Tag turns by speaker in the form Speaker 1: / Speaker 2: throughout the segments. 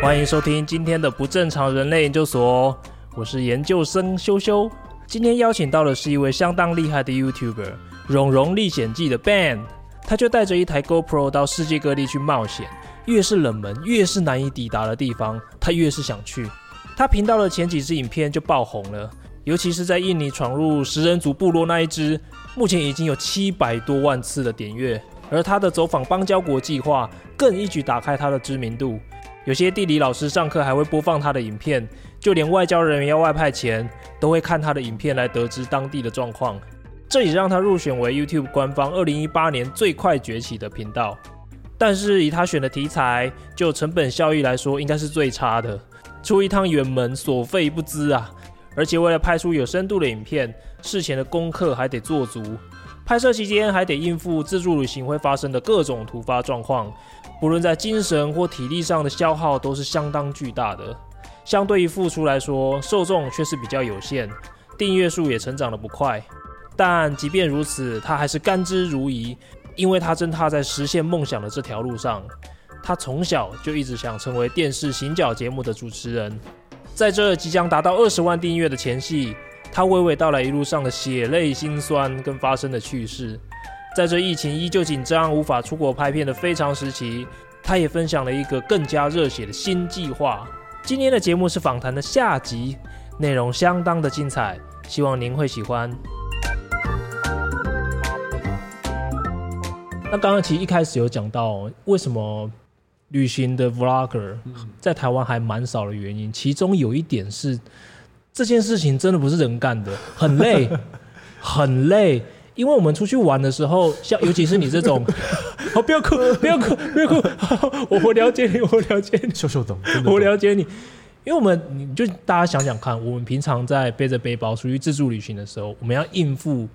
Speaker 1: 歡迎收聽今天的不正常人類研究所，哦，我是研究生修修，今天邀請到的是一位相當厲害的 YouTuber，《融融歷險記》的 Ben 他就帶着一台 GoPro 到世界各地去冒險。越是冷門、越是難以抵達的地方，他越是想去。他頻道的前幾支影片就爆紅了，尤其是在印尼闖入食人族部落那一支，目前已經有七百多萬次的點閱。而他的走訪邦交國計劃，更一舉打開他的知名度。有些地理老師上課還會播放他的影片，就連外交人員要外派前，都會看他的影片來得知當地的狀況。這也讓他入選為 YouTube 官方2018年最快崛起的頻道。但是以他選的題材，就成本效益來說，應該是最差的。出一趟遠門，所費不貲啊！而且為了拍出有深度的影片，事前的功課還得做足，拍攝期間還得應付自助旅行會發生的各種突發狀況。不論在精神或體力上的消耗都是相當巨大的，相對於付出來說，受眾卻是比較有限，訂閱數也成長得不快。但即便如此，他還是甘之如飴，因為他正踏在實現夢想的這條路上。他從小就一直想成為電視行腳節目的主持人。在這即將達到二十萬訂閱的前夕，他娓娓道來一路上的血淚辛酸跟發生的趣事。在這疫情依舊緊張、無法出國拍片的非常時期，他也分享了一個更加熱血的新計劃。今天的節目是訪談的下集，內容相當的精彩，希望您會喜歡。那剛剛其實一開始有講到，為什麼旅行的 Vlogger 在台灣還蠻少的原因，嗯嗯，其中有一點是這件事情真的不是人幹的，很累， 很累。因為我們出去玩的時候，像尤其是你這種， 哦，不要哭不要哭不要哭， 我了解你，我了解你，秀秀，懂，懂，我了解你。因為我們你就大家想想看，我們平常在背着背包屬於自助旅行的時候，我們要應付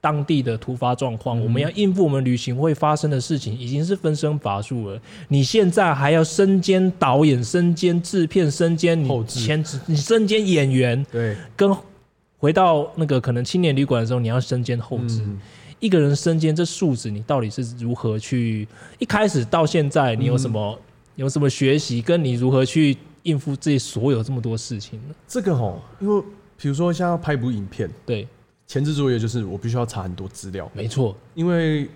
Speaker 1: 當地的突發狀況，嗯、我們要應付我們旅行會發生的事情，已經是分身乏術了。你現在還要身兼導演、身兼制片、身兼你前後製、你身兼演員，對，跟。回到那個可能青年旅館的時候，你要身兼後置、嗯、一個人身兼這數字，你到底是如何去？一開始到現在，你有什麼、嗯、有什麼學習，跟你如何去應付這所有
Speaker 2: 這麼多事情呢？這個哈、哦，因為比如說像要拍一部影片，對，前置作業就是我必須要查很多資料，沒錯錯，因為。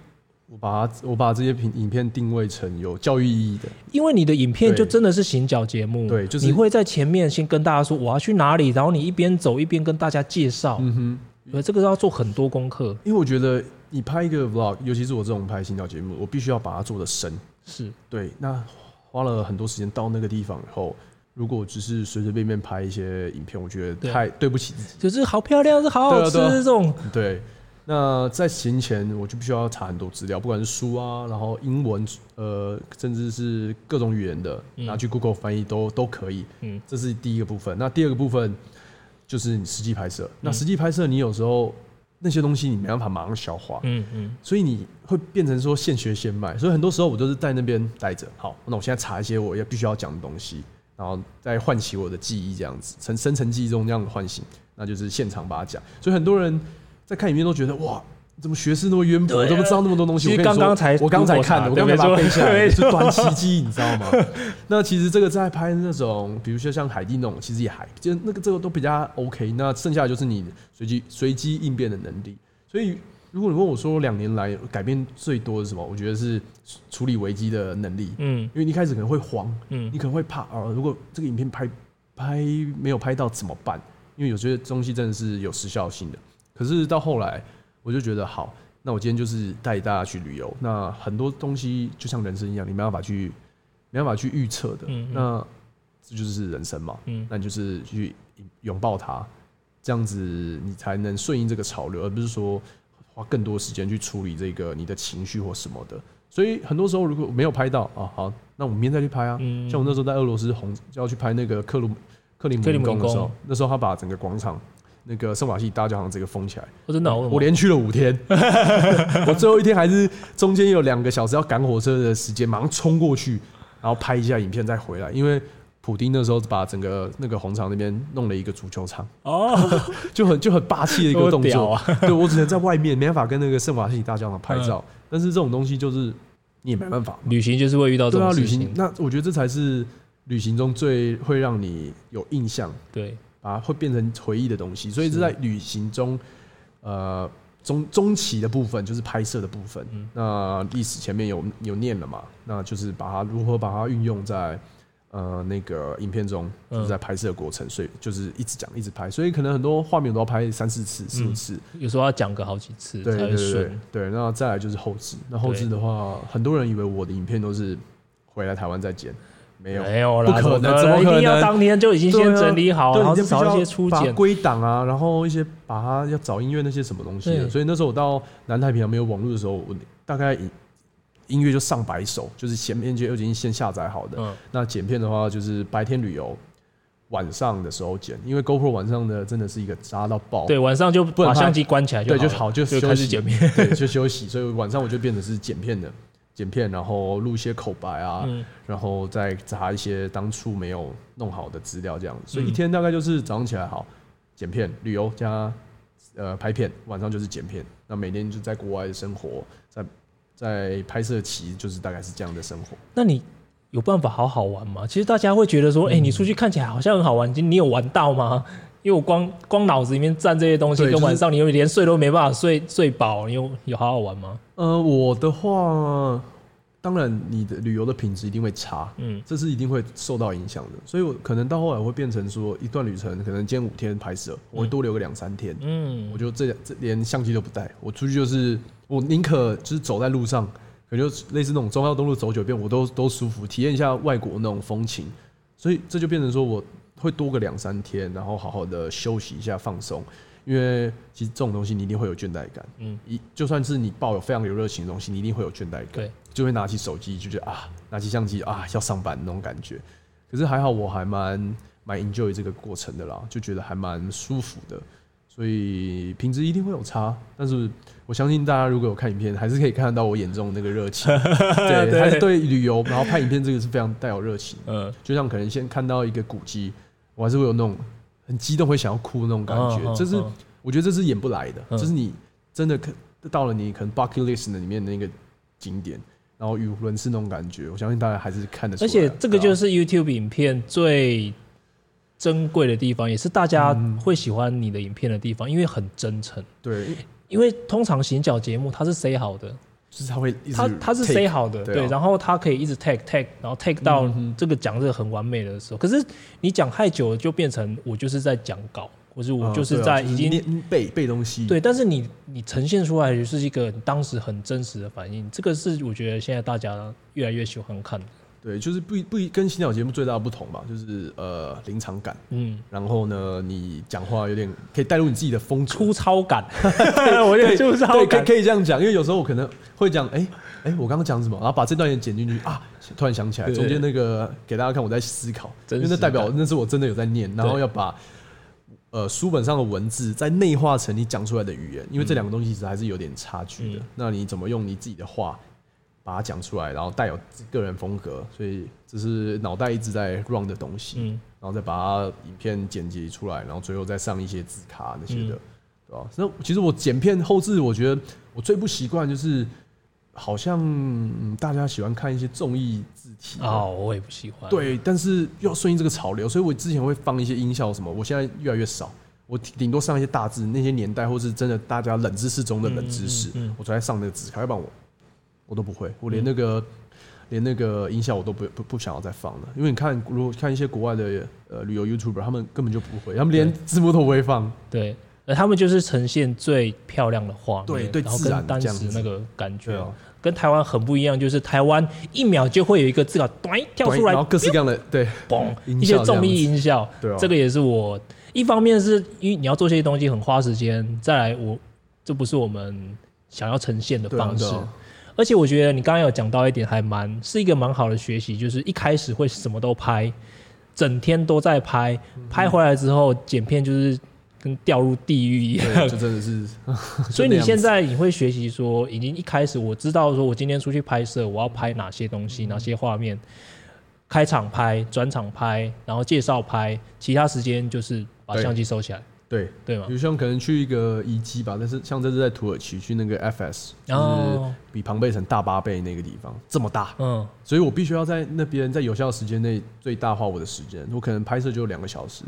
Speaker 2: 我把，我把這些影片定位成有教育意義的，因為你的影片就
Speaker 1: 真的是行腳節目。
Speaker 2: 對，對，就是你會
Speaker 1: 在前面先跟大家說我要去哪裡，然後你一邊走一邊跟大家介紹，嗯哼，這個要做很多功課。
Speaker 2: 因為我覺得你拍一個 vlog，尤其是我這種拍行腳節目，我必須要把它做得深，是對。那花了很多時間到那個地方以後，如果只是隨隨便便拍一些影片，我覺得太對，對不起自
Speaker 1: 己，就是好漂亮，是好好吃、啊啊、這種，
Speaker 2: 對。那在行前我就必須要查很多資料，不管是書啊，然後英文，呃，甚至是各種語言的，拿、嗯、去 Google 翻譯都都可以。嗯，這是第一個部分。那第二個部分就是你實際拍攝。嗯、那實際拍攝，你有時候那些東西你沒辦法馬上消化。嗯嗯。嗯，所以你會變成說現學現賣。所以很多時候我都是在那邊待着。好，那我現在查一些我必要必須要講的東西，然後再喚起我的記憶，這樣子從深層記憶中這樣喚醒，那就是現場把它講。所以很多人。在看影片都覺得哇，你怎麼學識那麼淵博，啊、怎麼知道那麼多東西？啊、其實剛剛才我剛才看，對我剛才背下來對對是短期記憶，你知道嗎？ 那其實這個在拍那種，比如說像海地那種，其實也還就那個這個都比較 OK。那剩下的就是你隨機隨機應變的能力。所以如果你問我說兩年來改變最多的是什麼？我覺得是處理危機的能力。嗯，因為一開始可能會慌，嗯，你可能會怕啊、呃。如果這個影片拍拍沒有拍到怎麼辦？因為有些東西真的是有時效性的。可是到後來，我就覺得好，那我今天就是帶大家去旅遊。那很多東西就像人生一樣，你沒辦法去，沒辦法去預測的。嗯嗯，那這就是人生嘛。嗯，那你就是去擁抱它，嗯、這樣子你才能順應這個潮流，而不是說花更多時間去處理這個你的情緒或什麼的。所以很多時候如果沒有拍到啊，好，那我們明天再去拍啊。嗯嗯，像我那時候在俄羅斯紅就要去拍那個克魯、克里姆林宮的時候，那時候他把整個廣場。那個聖瓦西裡大教堂這個封起來，我真的，我連去了五天，我最後一天還是中間有兩個小時要趕火車的時間，馬上衝過去，然後拍一下影片再回來。因為普丁那時候把整個那個紅場那邊弄了一個足球場哦，就很就很霸氣的一個動作啊。對，我只能在外面，沒辦法跟那個聖瓦西裡大教堂拍照。但是這種東西就是你也沒辦法、啊，旅行就是會遇到這種旅行。那我覺得這才是旅行中最會讓你有印象。對。把它會變成回憶的東西，所以是在旅行中，呃，中中期的部分就是拍攝的部分。嗯、那歷史前面有有念了嘛？那就是把它如何把它運用在呃那個影片中，就是在拍攝的過程，嗯、所以就是一直講一直拍，所以可能很多畫面都要拍三四次、四五次、嗯，有時候要講個好幾次才會順。對對對，那再來就是後製。那後製的話，對很多人以為我的影片都是回來台灣再剪。沒有，沒有了，不可能，怎麼可能？一定要當天就已經先整理好，啊、然後找一些初剪、歸檔啊，然後一些把它要找音樂那些什麼東西、啊。對所以那時候我到南太平洋沒有網絡的時候，我大概音樂就上百首，就是前面就已經先下載好的。嗯、那剪片的話，就是白天旅遊，晚上的時候剪，因為 GoPro 晚上的真的是一個渣到爆。對，晚上就把相機關起來就，就好，就就開始剪片，對就休息。 所以晚上我就變成是剪片的。剪片，然後錄一些口白啊，嗯、然後再查一些當初沒有弄好的資料，這樣子。嗯、所以一天大概就是早上起來好剪片、旅遊加呃拍片，晚上就是剪片。那每天就在國外的生活，在在拍攝期就是大概是這樣的生活。那你有辦法好好玩嗎？
Speaker 1: 其實大家會覺得說，哎、嗯欸，你出去看起來好像很好玩，你有玩到嗎？因為我光光腦子裡面占這些東西，跟晚上你連睡都沒辦法睡睡飽。你有有好好玩嗎？
Speaker 2: 呃，我的話，當然你的旅遊的品質一定會差，嗯，這是一定會受到影響的。所以，我可能到後來會變成說，一段旅程可能今天五天拍攝，我會多留個兩三天，嗯，我就這這連相機都不帶，我出去就是我寧可就是走在路上，可就類似那種中央東路走九遍，我都都舒服，體驗一下外國那種風情。所以這就變成說我。會多個兩三天，然後好好的休息一下、放鬆，因為其實這種東西你一定會有倦怠感，嗯，一就算是你抱有非常有熱情的東西，你一定會有倦怠感，對，就會拿起手機就覺得啊，拿起相機啊，要上班那種感覺。可是還好，我還蠻蠻 enjoy 這個過程的啦，就覺得還蠻舒服的，所以品質一定會有差，但是我相信大家如果有看影片，還是可以看得到我眼中的那個熱情， 對，還是對旅遊， 然後拍影片這個是非常帶有熱情，嗯，就像可能先看到一個古蹟，我還是會有那種很激動，會想要哭的那種感覺，哦哦哦、這是我覺得這是演不來的，這、哦、是你真的可到了你可能 bucket list 裡面的那個景點，然後語無倫次那種感覺，我相信大家還是看得出來。
Speaker 1: 而且這個就是 YouTube 影片最珍貴的地方，也是大家會喜歡你的影片的地方，因為很真誠。
Speaker 2: 對，
Speaker 1: 因為通常行腳節目它是 say 好的。就是他會 take, 他，他他是 say 好的，對，啊、對，然後他可以一直 take take，然後 take 到這個講這個很完美的時候。嗯、哼可是你講太久了，就變成我就是在講稿，
Speaker 2: 或者、嗯、我，我就是在已經、啊就是、背背東西。對，但
Speaker 1: 是你你呈現出來是一個當時很真實的反應，這個是我覺得現在大家越來越喜歡看的。
Speaker 2: 對，就是不不跟行腳節目最大的不同吧，就是呃臨場感，嗯，然後呢，你講話有點可以帶入你自己的風粗糙感， 對 我也粗糙感對，對，可以可以這樣講，因為有時候我可能會講，哎、欸、哎、欸，我剛剛講什麼？然後把這段也剪進去啊，突然想起來，對 中間那個給大家看我在思考，對 因為那代表那是我真的有在念，然後要把對 呃書本上的文字再內化成你講出來的語言，因為這兩個東西其實還是有點差距的，嗯嗯那你怎麼用你自己的話？把它講出來，然後帶有個人風格，所以這是腦袋一直在 run 的東西，嗯、然後再把它影片剪輯出來，然後最後再上一些字卡那些的，吧。嗯啊，那其實我剪片後製，我覺得我最不習慣就是，好像，嗯、大家喜歡看一些綜藝字體哦，我也不喜歡，對，但是又要順應這個潮流，所以我之前會放一些音效什麼，我現在越來越少，我頂多上一些大字，那些年代或是真的大家冷知識中的冷知識，嗯嗯嗯，我才在上那個字卡，要不然我。我都不會，我連那個連那個音效我都不不不想要再放了，因為你看，如果看一些國外的呃旅遊 YouTuber，他們根本就不會，他們連字幕都不會放。對，而他們就是呈現最漂亮的畫面，對，然後跟當時那
Speaker 1: 個感覺，跟台灣很不一樣，就是台灣一秒就會有一個字啊，咚，跳出來，然後各式各樣的
Speaker 2: 對，嘣，一些綜藝音
Speaker 1: 效，對，這個也是我一方面是因為你要做這些東西很花時間，再來我這不是我們想要呈現的方式。而且我覺得你剛剛有講到一點還，還蠻是一個蠻好的學習，就是一開始會什麼都拍，整天都在拍，拍回來之後剪片就是跟掉入地獄一樣，這真的是。所以你現在你會學習說，已經一開始我知道說我今天出去拍攝，我要拍哪些東西，嗯、哪些畫面，開場拍、轉場拍，然後介紹拍，其他時間就是把相機收起來。
Speaker 2: 對對吧嘛？比如像可能去一個遺跡吧，但是像這是在土耳其去那個 FS，就是比龐貝城大八倍那個地方，這麼大，嗯，所以我必須要在那邊在有效時間內最大化我的時間。我可能拍攝就兩個小時，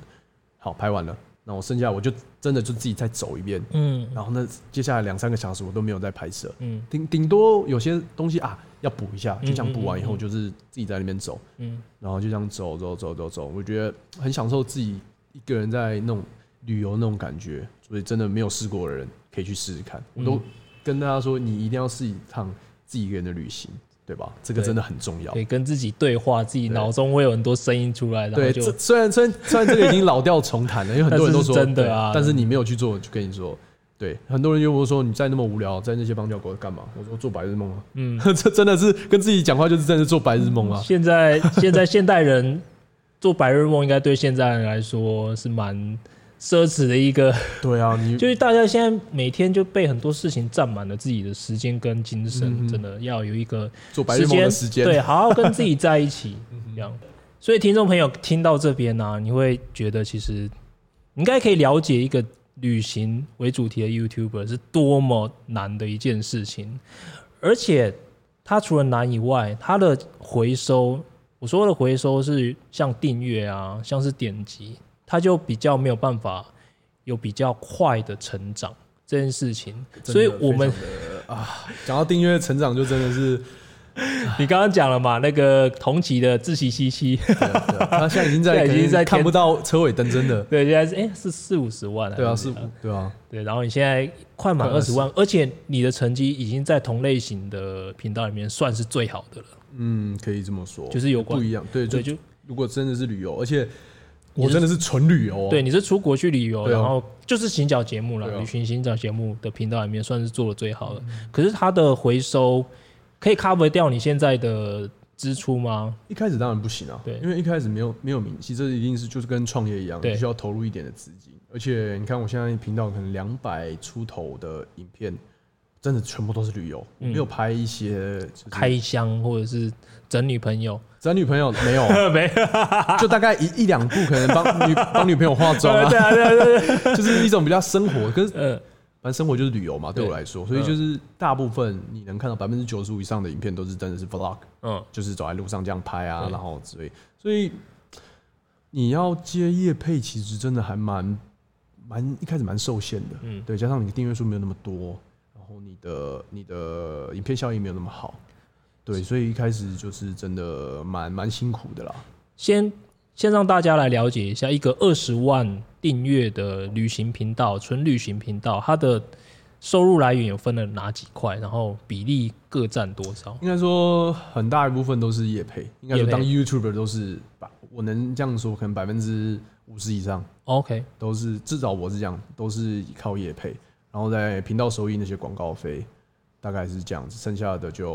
Speaker 2: 好，拍完了，那我剩下我就真的就自己再走一遍，嗯，然後那接下來兩三個小時我都沒有再拍攝，嗯，頂頂多有些東西啊要補一下，就這樣補完以後就是自己在那邊走，嗯，嗯然後就這樣走走走走走，我覺得很享受自己一個人在弄。旅遊那種感覺，所以真的沒有試過的人可以去試試看。我、嗯、都跟大家說，你一定要試一趟自己一個人的旅行，對吧？這個真的很重要，跟自己對話，自己腦中會有很多聲音出來。對，然後就對雖然雖然雖然這個已經老調重彈了， 因為很多人都說是是真的啊，但是你沒有去做，就跟你說，對，很多人又會說，你在那麼無聊，在那些邦交國幹嘛？我說做白日夢啊，嗯呵呵，這真的是跟自己講話，就是在做白日夢啊、嗯嗯。現在
Speaker 1: 現在現代人 做白日夢，應該對現在人來說是蠻。奢侈的一個，對啊，你 就是大家現在，每天就被很多事情占滿了自己的時間跟精神，真的要有一個做白日夢的時間，對，好好跟自己在一起，這樣。所以聽眾朋友聽到這邊呢，你會覺得其實你應該可以了解一個旅行為主題的 YouTuber 是多麼難的一件事情，而且他除了難以外，他的回收，我說的回收是像訂閱啊，像是點擊。他就比較沒有辦法有比較快的成長這件事情，所以我們啊，講到訂閱成長就真的是，你剛剛講了嘛，那個同期的志祺七七，他現在已經在已經在看不到車尾燈，真的對，現在是哎、欸、是四五十
Speaker 2: 萬了，對啊，四五對啊，
Speaker 1: 對，然後你現在快滿二十萬，而且你的成績已經在同類型的頻道裡面算是最好的
Speaker 2: 了，嗯，可以這麼說，就是有關不一樣，對對，就
Speaker 1: 如果真的是旅遊，而且。
Speaker 2: 我真的是純旅遊、啊，對，你
Speaker 1: 是出國去旅遊，啊、然後就是行腳節目啦，啊、旅行行腳節目的頻道裡面算是做的最好的。嗯、可是它的回收可以 cover 掉你現在的支出嗎？一開始當然不
Speaker 2: 行啊，對，因為一開始沒有沒有名氣，這一定是就是跟創業一樣，必須要投入一點的資金。對而且你看，我現在頻道可能兩百出頭的影片。真的全部都是旅遊，沒有拍一些開箱或者是整女朋友，整女朋友沒有，沒有，就大概一一兩部可能幫女幫女朋友化妝啊，對啊，對啊，對，就是一種比較生活，跟呃反正生活就是旅遊嘛，對我來說，所以就是大部分你能看到百分之九十五以上的影片都是真的是 vlog，嗯，就是走在路上這樣拍啊，然後之類，所以你要接業配其實真的還蠻蠻一開始蠻受限的，嗯，對，加上你的訂閱數沒有那麼多。你的你的影片效益沒有那麼好，對，的所以一開始就是真的蠻蠻辛苦
Speaker 1: 的啦。先先讓大家來了解一下，一個二十萬訂閱的旅行頻道，純旅行頻道，它的收入來源有分了哪幾塊，然後比例各占多少？
Speaker 2: 應該說很大一部分都是業配，應該說當 YouTuber 都是百，配我能這樣說，可能百分之五十以上，OK，都是，至少我是這樣，都是依靠業配。然後在頻道收益那些廣告費，大概是這樣子，剩下的就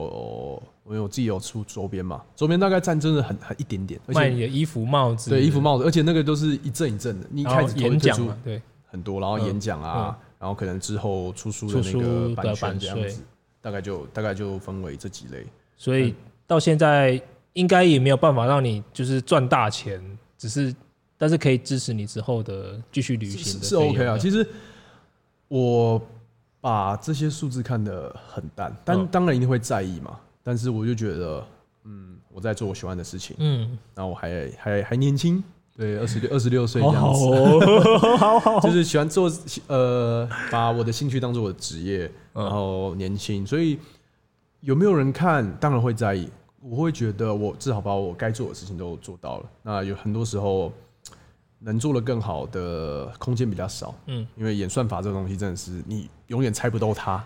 Speaker 2: 因為我有自己有出周邊嘛，周邊大概佔真的很很一點點，而且衣服帽子對，衣服帽子，而且那個都是一陣一陣的，你一開始推很多，然後演講啊，然後可能之後出書的那個版權這樣子，大概就大概就分為這幾類，嗯，
Speaker 1: 所以到現在應該也沒有辦法讓你就是賺大錢，只是但是可以支持你之後的繼續旅行，行，是、是、是 OK 啊，其
Speaker 2: 實。我把這些數字看得很淡，但當然一定會在意嘛。但是我就覺得，嗯，我在做我喜歡的事情，嗯，然後我還還還年輕，對，二十六二十六歲這樣子，好好、哦， 就是喜歡做呃，把我的興趣當做我的職業，然後年輕，所以有沒有人看，當然會在意。我會覺得，我至少把我該做的事情都做到了。那有很多時候。能做的更好的空間比較少，嗯，因為演算法這個東西真的是你永遠猜不透它。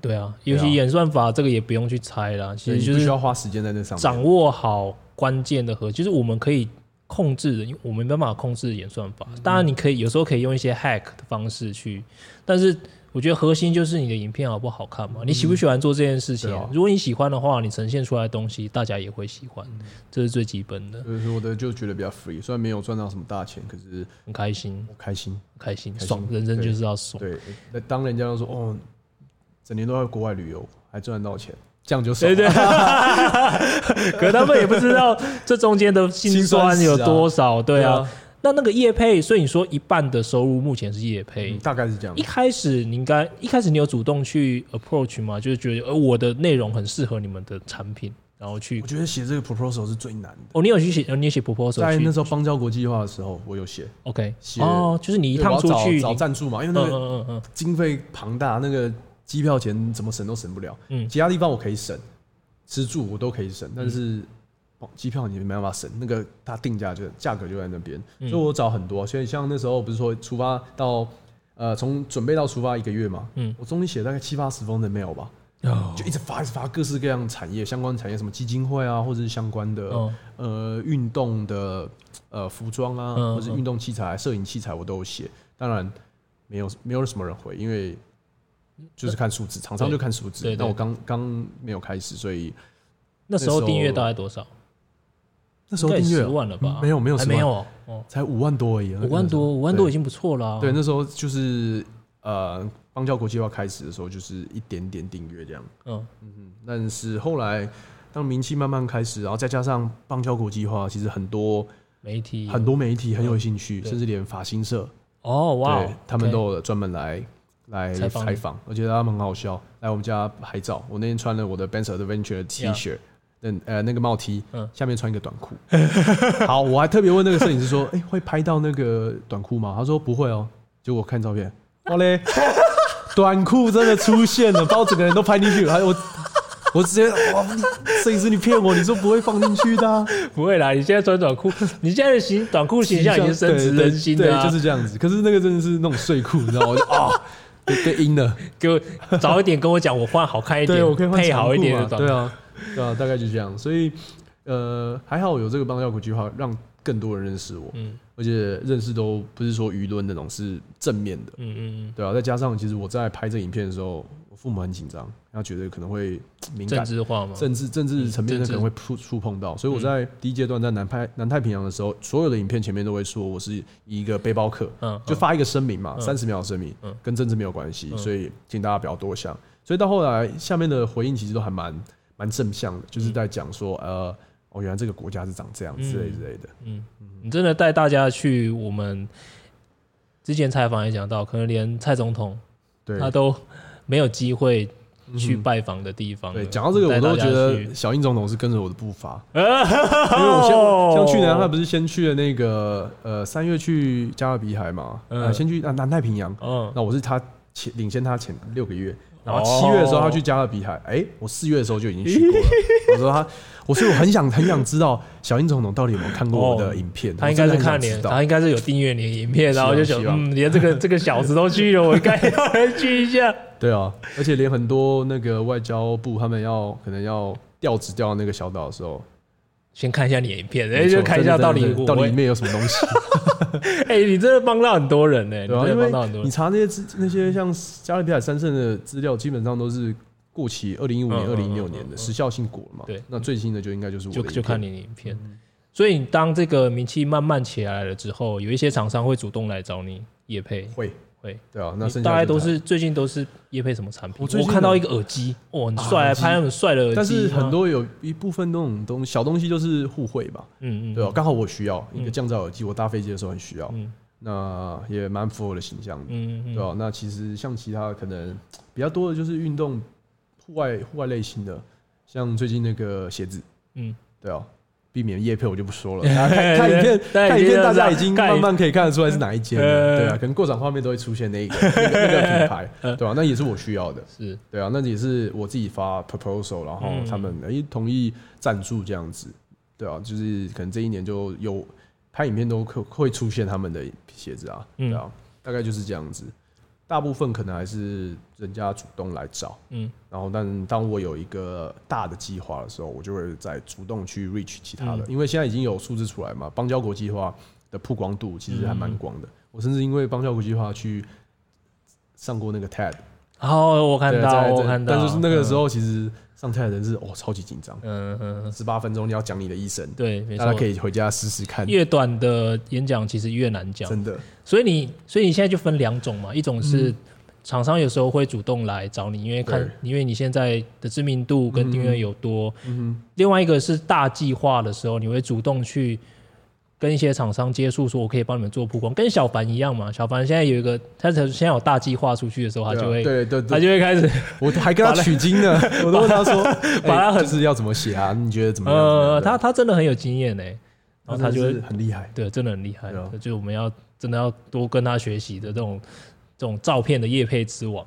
Speaker 2: 對啊，尤其演
Speaker 1: 算法這個也不用去猜啦，其實就是需要花時間在這上面。掌握好關鍵的核心，就是我們可以控制的，因為我們沒辦法控制演算法。當然，你可以有時候可以用一些 hack 的方式去，但是。我覺得核心就是你的影片好不好看嘛？你喜不喜歡做這件事情？嗯啊、如果你喜歡的話，你呈現出來的東西，大家也會喜歡，這是最基本的。
Speaker 2: 就是我的就覺得比較 free，雖然沒有賺到什麼大錢，可是很開心，開心，很開心，開心爽，人生就是要爽。對，對當人家都說哦，整年都在國外旅遊，還賺到錢，這樣就爽。對對，對、啊， 可他們也不知道這中間
Speaker 1: 的辛酸有多少，啊對啊。那那個業配，所以你說一半的收入目前是業配。嗯、大概是這樣。一開始你應該一開始你有主動去 approach 嗎？就是覺得呃我的內容很適合你們的產品，然後去。我覺得寫這個 proposal 是最難的。哦，你有去寫？
Speaker 2: 你你寫 proposal 在那時候邦交國計畫的時候，我有寫。OK，寫寫哦，就是你一趟出去找贊助嘛，因為那個經費龐大，那個機票錢怎麼省都省不了。嗯，其他地方我可以省，吃住我都可以省，但是。嗯機票你沒辦法省，那個它定價就價格就在那邊，所以我找很多，所以像那時候不是說出發到呃從準備到出發一個月嘛，嗯，我中間寫大概七八十封的 mail 吧，哦、就一直發一直發各式各樣產業相關產業，什麼基金會啊或者是相關的、哦、呃運動的呃服裝啊或者運動器材、攝影器材，我都有寫，當然沒有沒有什麼人回，因為就是看數字，呃、常常就看數字。那我剛剛沒有開始，所以那時候訂閱大概多少？
Speaker 1: 那時候訂閱十萬了吧？沒有，沒有，沒有，
Speaker 2: 才五萬多而已。五萬多，五萬多已經不錯了。對，那時候就是呃，邦交國計劃開始的時候，就是一點點訂閱這樣。嗯，但是後來，當名氣慢慢開始，然後再加上邦交國計劃，其實很多媒體，很多媒體很有興趣，甚至連法新社哦哇，他們都專門來來採訪，我覺得他們很好笑，來我們家拍照。我那天穿了我的 Ben's Adventure T 恤。嗯呃，那個帽 T，下面穿一個短褲。嗯、 好，我還特別問那個攝影師說：“哎、欸，會拍到那個短褲嗎？”他說：“不會哦、喔。”結果我看照片，我嘞， 短褲真的出現了，把我整個人都拍進去了。還有我，我直接，哇！攝影師，你騙我！你說不會放進去的、啊，不會啦！你現
Speaker 1: 在穿短褲，你現在的形短褲形象已經深植人心啊！對，就是這樣子。可是那個真的是那種
Speaker 2: 睡褲，你知道嗎？啊、哦，被陰了，給我早一
Speaker 1: 點跟我講，我換好看一點， 我可以換配好一點的短褲。對啊。
Speaker 2: 對 啊，大概就是這樣，所以，呃，還好我有這個邦交國計畫，讓更多人認識我，嗯，而且認識都不是說輿論那種，是正面的，嗯嗯，對啊，再加上其實我在拍這影片的時候，我父母很緊張，他覺得可能會敏感政治化嘛，政治政治層面可能會觸觸碰到，所以我在第一階段在南拍南太平洋的時候，所有的影片前面都會說我是一個背包客，嗯，就發一個聲明嘛，三十秒的聲明，跟政治沒有關係，所以請大家不要多想，所以到後來下面的回應其實都還蠻。蠻正向的，就是在講說，嗯、呃，哦，原來這個國家是長這樣之類之類的。嗯，嗯嗯，你真的帶大家去，我們之前採訪也
Speaker 1: 講到，可能連蔡總統，對，他都沒有機會去拜訪的地方。嗯。對，講到這個，我都覺得
Speaker 2: 小英總統是跟着我的步伐，嗯、因為我先、哦、像去年，他不是先去了那個呃三月去加勒比海嘛，呃、嗯啊，先去南太平洋，嗯，那我是他前領先他前六個月。然後七月的時候他去加勒比海，哎、oh. 欸，我四月的時候就已經去過了。我 說他，我說我很想很想知道小英總統到底有沒有看過我的影片，oh, 他應該是看你的，他應該是有訂閱你的影片，然後就想，希望希望嗯，連這個這個小子都去
Speaker 1: 了， 我應該要來去一下。
Speaker 2: 對啊，而且連很多那個外交部他們要可能要調職調到那個小島的時候，先看一下你的影片，然後就看一下到底到底裡面有什麼東西。哎、 欸，你真的幫到很多人呢，你真的幫到很多人。因為你查那些資那些像加勒比海三聖的資料，基本上都是過期，二零一五年、二零一六年的時、嗯嗯嗯嗯嗯、效性過了嘛。對，那最新的就應該就是我的影片。就看你的影片。所以，
Speaker 1: 你當這個名氣慢慢起來了之後，有一些廠商會主動來找你業配，會。對，對啊，那大概都是最近都是業配什麼產品？我最近看到一個耳機，哦，很帥，拍那種帥的耳機。但是很多
Speaker 2: 有一部分那種東小東西就是互惠吧，嗯嗯，對啊，剛好我需要一個降噪耳機，我搭飛機的時候很需要，那也蠻符合我的形象的，嗯嗯，對啊，那其實像其他可能比較多的就是運動戶外戶外類型的，像最近那個鞋子，嗯，對哦。避免業配，我就不說了大家看，看看影片，看影片，大家已經慢慢可以看得出來是哪一間了，對啊，可能過場畫面都會出現那一個、那個、那個品牌，對啊，那也是我需要的，是對啊，那也是我自己發 proposal，然後他們哎同意贊助這樣子，對啊，就是可能這一年就有拍影片都可會出現他們的鞋子啊，對啊，大概就是這樣子。大部分可能還是人家主動來找，嗯，然後但當我有一個大的計劃的時候，我就會再主動去 reach 其他的，因為現在已經有數字出來嘛，邦交國計劃的曝光度其實還蠻廣的。我甚至因為邦交國計劃去上過那個 TED，嗯。
Speaker 1: 好，oh, 我看到，我看到，但是那個時候
Speaker 2: 其實。上台的人是哦，超級緊張、嗯。嗯嗯，十八分鐘你要講你的一生，對，大家可以回家試試看。越
Speaker 1: 短的演講其實越難講，真的。所以你，所以你現在就分兩種嘛，一種是廠商有時候會主動來找你，嗯、因為看對因為你現在的知名度跟訂閱有多。嗯嗯嗯、另外一個是大計劃的時候，你會主動去。跟一些廠商接觸，說我可以幫你們做曝光，跟小凡一樣嘛。小凡現在有一個，他現在有大計劃出去的時候，他就會，對對對，他就會開始，我還跟他取經呢。我都問他說，把他很是要怎麼寫啊？
Speaker 2: 你覺得怎麼？呃，他
Speaker 1: 他真的很有經驗呢，然後他就是很厲害，對，真的很厲害。就我們要真的要多跟他學習的這種這種照片的業配之王，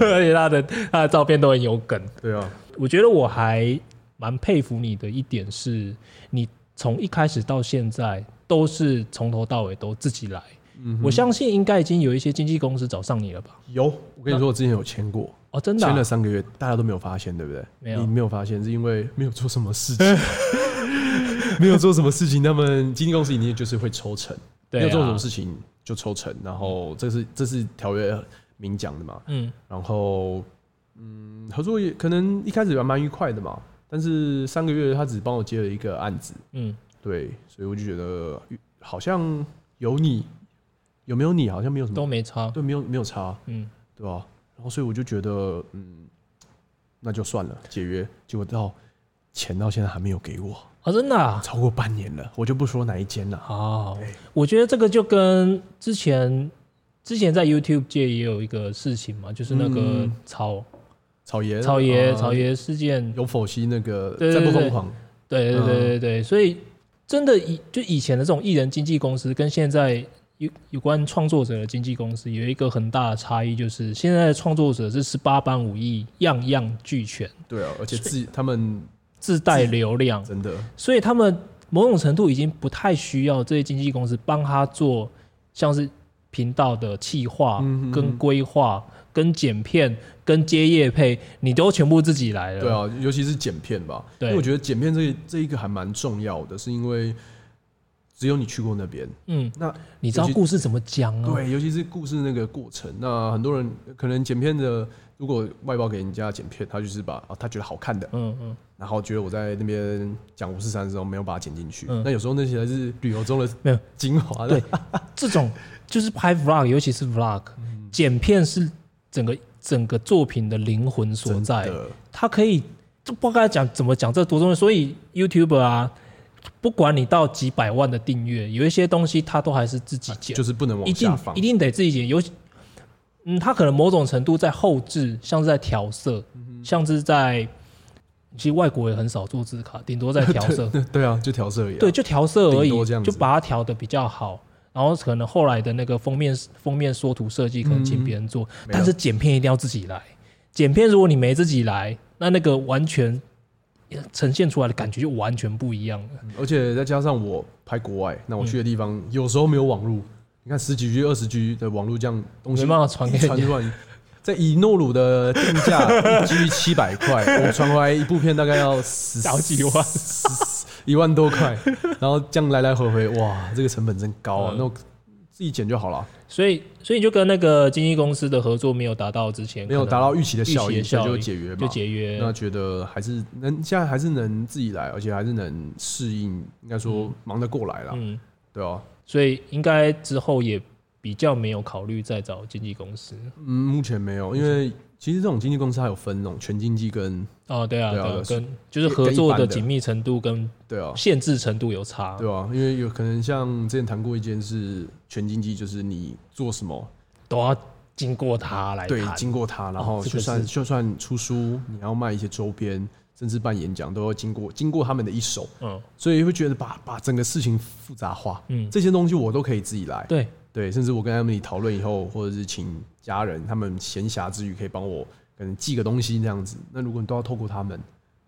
Speaker 1: 而且他的他的照片都很有梗。對啊，我覺得我還蠻佩服你的一點是你。從一開始到現在，都是從頭到尾都自己來。
Speaker 2: 嗯、哼我相
Speaker 1: 信應該已經有一些經紀
Speaker 2: 公司找上你了吧？有，我跟你說，我之前有簽過。哦，真的、啊？簽了三個月，大家都沒有發現，對不對？沒有，你沒有發現是因為沒有做什麼事情， 沒有做什麼事情，他們經紀公司一定就是會抽成。對啊、沒有做什麼事情就抽成，然後這是這是條約明講的嘛。嗯，然後嗯，合作也可能一開始也還蠻愉快的嘛。但是三個月他只幫我接了一個案子，嗯，對，所以我就覺得好像有你有沒有你好像沒有什麼都沒差，對，沒有沒有差，嗯，對吧？啊，然後所以我就覺得嗯，那就算了，解約。結果到錢到現在還沒有給我啊，啊，真的超過半年了，我就
Speaker 1: 不說哪一間
Speaker 2: 了。哦，欸，
Speaker 1: 我覺得這個就跟之前之前在 YouTube 界也有一個事情嘛，就是那個超。嗯
Speaker 2: 草爺，草爺野，嗯、草爺事件有否析那個再不瘋狂，對對對對
Speaker 1: 對，所以真的以就以前的這種藝人經紀公司，跟現在有有關創作者的經紀公司有一個很大的差異，就是現在的創作者是十八般武藝，樣樣俱全。對啊，而且自以他們自，自帶流量，真的，所以他們某種程度已經不太需要這些經紀公司幫他做，像是。頻道的企劃、跟規劃、跟剪片、跟接業配，你都全部自己來了、嗯。
Speaker 2: 對啊，尤其是剪片吧。對，因為我覺得剪片這這一個還蠻重要的，是因為只有你去過那邊，嗯，
Speaker 1: 那你知道故事怎麼講啊？對，
Speaker 2: 尤其是故事那個過程。那很多人可能剪片的，如果外包給人家剪片，他就是把啊，他覺得好看的，嗯嗯，嗯然後覺得我在那邊講五四三的時候沒有把它剪進去。嗯、那有時候那些還是旅遊中的沒有精華。對， 這種。就是拍 vlog，尤其是 vlog，
Speaker 1: 剪片是整個整個作品的靈魂所在。他的可以，就不知道該講怎麼講這多東西。所以 YouTuber 啊，不管你到幾百萬的訂閱，有一些東西他都還是自己剪，啊、就是不能往下放，一定一定得自己剪。尤其，嗯，他可能某種程度在後製，像是在調色，嗯、哼像是在，其實外國也很少做字卡，頂多在調色。 對，對啊，就
Speaker 2: 調色而已。對，就調色而已。就
Speaker 1: 把它調得比較好。然後可能後來的那個封面封面縮圖設計可能請別人做，嗯、但是剪片一定要自己來。剪片如果你沒自己來，那那個完全呈現出來的感覺就完全不一樣
Speaker 2: 了。嗯、而且再加上我拍國外，那我去的地方，嗯、有時候沒有網路，對你看十幾 G、二十 G 的網路這樣東西沒辦法傳給傳你。在以諾魯的定價一 G 七百塊， 我傳回來一部片大概要十好幾萬。一 萬多塊，然後這樣來來回回，哇，這個成本真高啊！嗯、那我自己剪就好了。所以，所以你就跟那個
Speaker 1: 經紀公司的合作沒有達到之前沒有達到預期的效益，就解約嘛？就解約。那
Speaker 2: 覺得還是能現在還是能自己來，而且還是能適應，應該說忙得過來了、嗯。嗯，對哦、啊。所以應該之後也比較沒有考慮再找經紀公司。嗯，目前沒有，因為其實這種經紀公司它有分那種全經紀跟哦，對啊，對啊，對啊跟就是合作的緊密程度跟對啊限制程度有差，對啊，對啊，因為有可能像之前談過一件事，全經紀，就是你做什麼都要
Speaker 1: 經過他來，對，經過他，然後就算、哦這個、就
Speaker 2: 算出書，你要賣一些周邊，甚至辦演講，都要經過經過他們的一手，嗯，所以會覺得把把整個事情複雜化，嗯，這些東西我都可以自己來，對。對，甚至我跟 Emily 討論以後，或者是請家人，他們閒暇之餘可以幫我，可能寄個東西那樣子。那如果你都要透過他們，